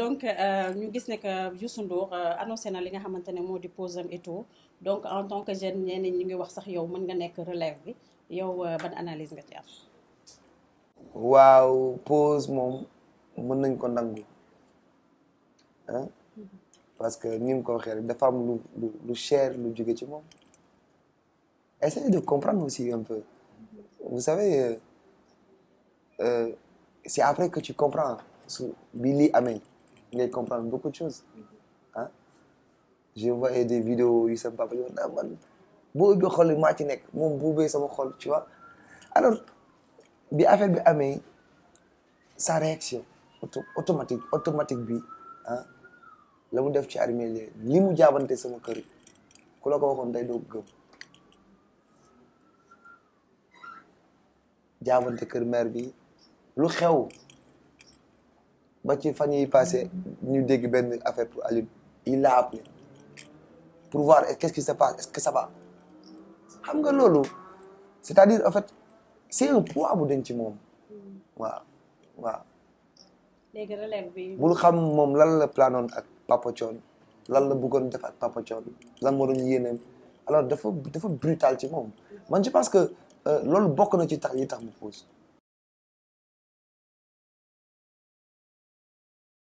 donc ñu gis ne que Youssou Ndour euh, annoncé na li nga xamantene ne moo di pause am et tout donc en tant que jeune ñenn ñi ngi wax sax yow mën nga nekk relève bi yow euh, ban analyse nga ci am. waaw pause moom mën nañ ko nangu hein? mm-hmm. parce que ni mu ko waxee rek dafa am lu lu lu cher lu jóge ci moom essayez de comprendre aussi un peu mm-hmm. vous savez euh, euh, c'est après que tu comprends su bi lii amee il est comprendre beaucoup de choses. hein. j'ai envoyé des vidéos il sama pas yoon beau man boo ubbee xol maa ci nekk moom ça ubbee sama tu vois alors bi affaire bi amé, sa réaction auto automatique automatique bi hein. la mu def ci armée li mu jaabante sama kër ku la ko waxoon day doo gëm jaabante kër mère bi lu xew bah ci fan yii passé ñu dégg benn affaire pour Alioune il l'a appelé pour voir eh, qu'est-ce qui se passe est-ce que ça va xam nga loolu c'est-à-dire en fait c'est un poids bu denc ci moom waaw waaw. léegi relève bi. le xam moom lan la planoon ak Papa Thione lan la bëggoon def ak Papa Thione lan moo doon yéeneem alors dafa dafa brutal ci moom man je pense que euh, lolo bokk na ci tax yi tax mu